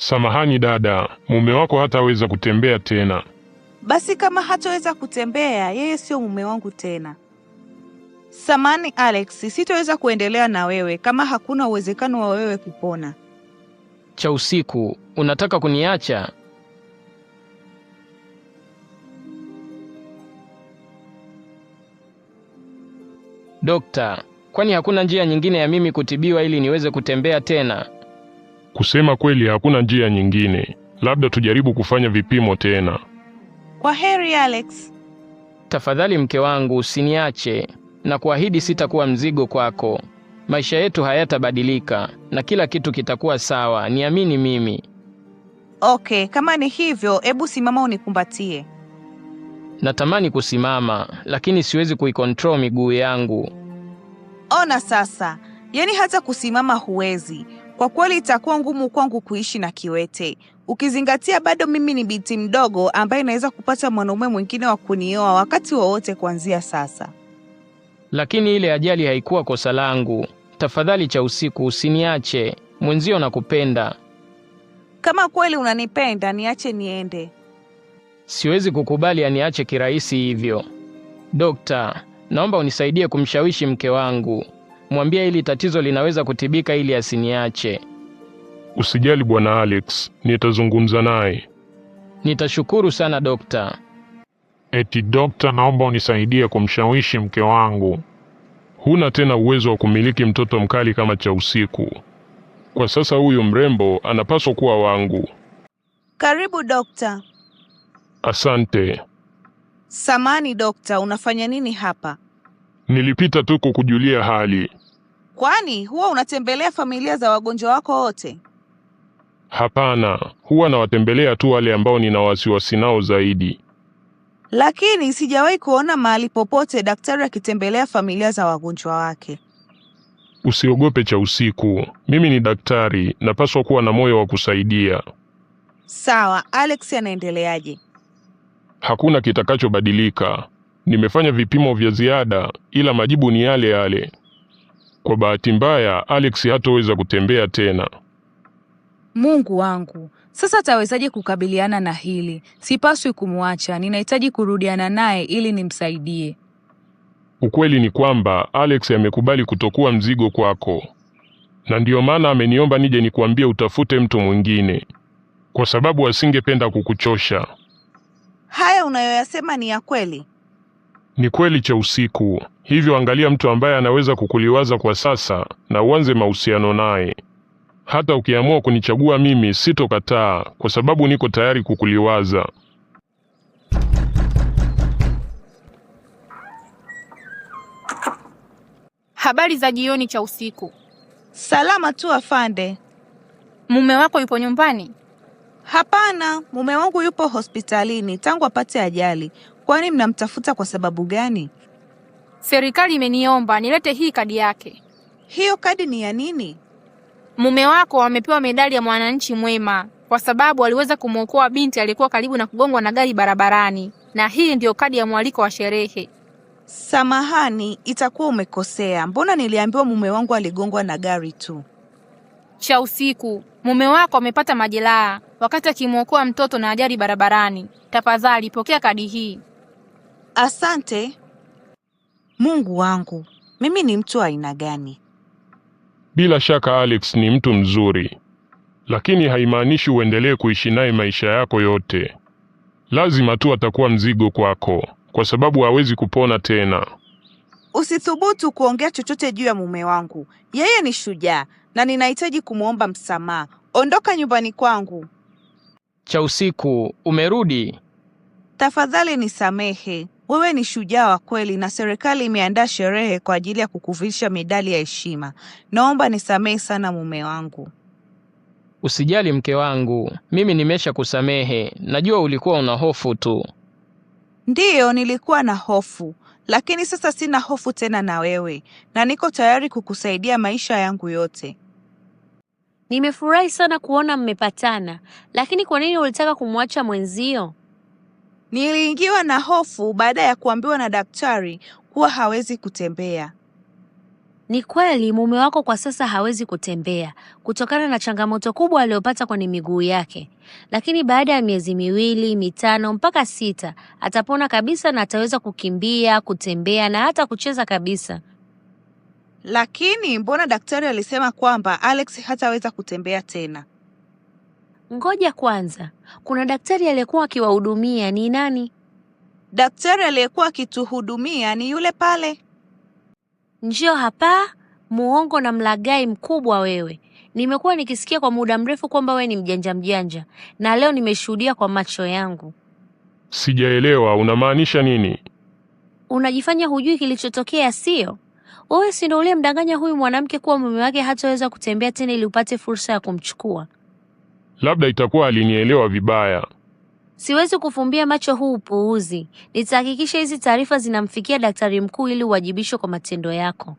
Samahani dada, mume wako hataweza kutembea tena. Basi kama hataweza kutembea, yeye sio mume wangu tena. Samani Alex, sitoweza kuendelea na wewe kama hakuna uwezekano wa wewe kupona. Cha usiku, unataka kuniacha? Dokta, kwani hakuna njia nyingine ya mimi kutibiwa ili niweze kutembea tena? Kusema kweli, hakuna njia nyingine, labda tujaribu kufanya vipimo tena. Kwa heri Alex. Tafadhali mke wangu, usiniache na kuahidi sitakuwa mzigo kwako. Maisha yetu hayatabadilika na kila kitu kitakuwa sawa, niamini mimi. Okay, kama ni hivyo, ebu simama unikumbatie. Natamani kusimama lakini siwezi kuikontrol miguu yangu. Ona sasa, yaani hata kusimama huwezi. Kwa kweli itakuwa ngumu kwangu kuishi na kiwete, ukizingatia bado mimi ni binti mdogo ambaye naweza kupata mwanaume mwingine wa kunioa wakati wowote kuanzia sasa. Lakini ile ajali haikuwa kosa langu. Tafadhali cha usiku, usiniache mwenzio, nakupenda. Kama kweli unanipenda, niache niende. Siwezi kukubali aniache kirahisi hivyo. Dokta, naomba unisaidie kumshawishi mke wangu mwambie hili tatizo linaweza kutibika ili asiniache. Usijali bwana Alex, nitazungumza naye. Nitashukuru sana dokta. Eti dokta, naomba unisaidie kumshawishi mke wangu. Huna tena uwezo wa kumiliki mtoto mkali kama cha usiku. Kwa sasa huyu mrembo anapaswa kuwa wangu. Karibu dokta. Asante. Samani dokta, unafanya nini hapa? Nilipita tu kukujulia hali. Kwani huwa unatembelea familia za wagonjwa wako wote? Hapana, huwa nawatembelea tu wale ambao nina wasiwasi nao zaidi. Lakini sijawahi kuona mahali popote daktari akitembelea familia za wagonjwa wake. Usiogope cha usiku, mimi ni daktari, napaswa kuwa na moyo wa kusaidia. Sawa, Alex anaendeleaje? Hakuna kitakachobadilika. Nimefanya vipimo vya ziada ila majibu ni yale yale. Kwa bahati mbaya, Alex hatoweza kutembea tena. Mungu wangu, sasa atawezaje kukabiliana na hili? Sipaswi kumwacha, ninahitaji kurudiana naye ili nimsaidie. Ukweli ni kwamba Alex amekubali kutokuwa mzigo kwako, na ndiyo maana ameniomba nije nikuambie utafute mtu mwingine, kwa sababu asingependa kukuchosha. Haya unayoyasema ni ya kweli? Ni kweli cha usiku, hivyo angalia mtu ambaye anaweza kukuliwaza kwa sasa na uanze mahusiano naye. Hata ukiamua kunichagua mimi sitokataa, kwa sababu niko tayari kukuliwaza. Habari za jioni, cha usiku. Salama tu afande. Mume wako yupo nyumbani? Hapana, mume wangu yupo hospitalini tangu apate ajali. Kwani mnamtafuta kwa sababu gani? Serikali imeniomba nilete hii kadi yake. Hiyo kadi ni ya nini? Mume wako amepewa medali ya mwananchi mwema kwa sababu aliweza kumwokoa binti aliyekuwa karibu na kugongwa na gari barabarani, na hii ndiyo kadi ya mwaliko wa sherehe. Samahani, itakuwa umekosea. Mbona niliambiwa mume wangu aligongwa na gari tu? Cha usiku, mume wako amepata majeraha wakati akimwokoa mtoto na ajali barabarani. Tafadhali pokea kadi hii. Asante. Mungu wangu, mimi ni mtu aina gani? Bila shaka Alex ni mtu mzuri, lakini haimaanishi uendelee kuishi naye maisha yako yote. Lazima tu atakuwa mzigo kwako, kwa sababu hawezi kupona tena. Usithubutu kuongea chochote juu ya mume wangu. Yeye ni shujaa na ninahitaji kumwomba msamaha. Ondoka nyumbani kwangu. Cha usiku, umerudi? Tafadhali nisamehe. Wewe ni shujaa wa kweli na serikali imeandaa sherehe kwa ajili ya kukuvisha medali ya heshima. Naomba nisamehe sana mume wangu. Usijali mke wangu, mimi nimesha kusamehe. Najua ulikuwa una hofu tu. Ndiyo, nilikuwa na hofu, lakini sasa sina hofu tena na wewe, na niko tayari kukusaidia maisha yangu yote. Nimefurahi sana kuona mmepatana, lakini kwa nini ulitaka kumwacha mwenzio? Niliingiwa na hofu baada ya kuambiwa na daktari kuwa hawezi kutembea. Ni kweli mume wako kwa sasa hawezi kutembea kutokana na changamoto kubwa aliyopata kwenye miguu yake, lakini baada ya miezi miwili, mitano mpaka sita atapona kabisa na ataweza kukimbia, kutembea na hata kucheza kabisa. Lakini mbona daktari alisema kwamba Alex hataweza kutembea tena? Ngoja kwanza, kuna daktari aliyekuwa akiwahudumia ni nani? Daktari aliyekuwa akituhudumia ni yule pale. Njoo hapa, muongo na mlagai mkubwa wewe. Nimekuwa nikisikia kwa muda mrefu kwamba we ni mjanja mjanja, na leo nimeshuhudia kwa macho yangu. Sijaelewa unamaanisha nini? Unajifanya hujui kilichotokea, sio? Wewe si ndio mdanganya huyu mwanamke kuwa mume wake hataweza kutembea tena ili upate fursa ya kumchukua? Labda itakuwa alinielewa vibaya. Siwezi kufumbia macho huu upuuzi. Nitahakikisha hizi taarifa zinamfikia daktari mkuu ili uwajibishwe kwa matendo yako.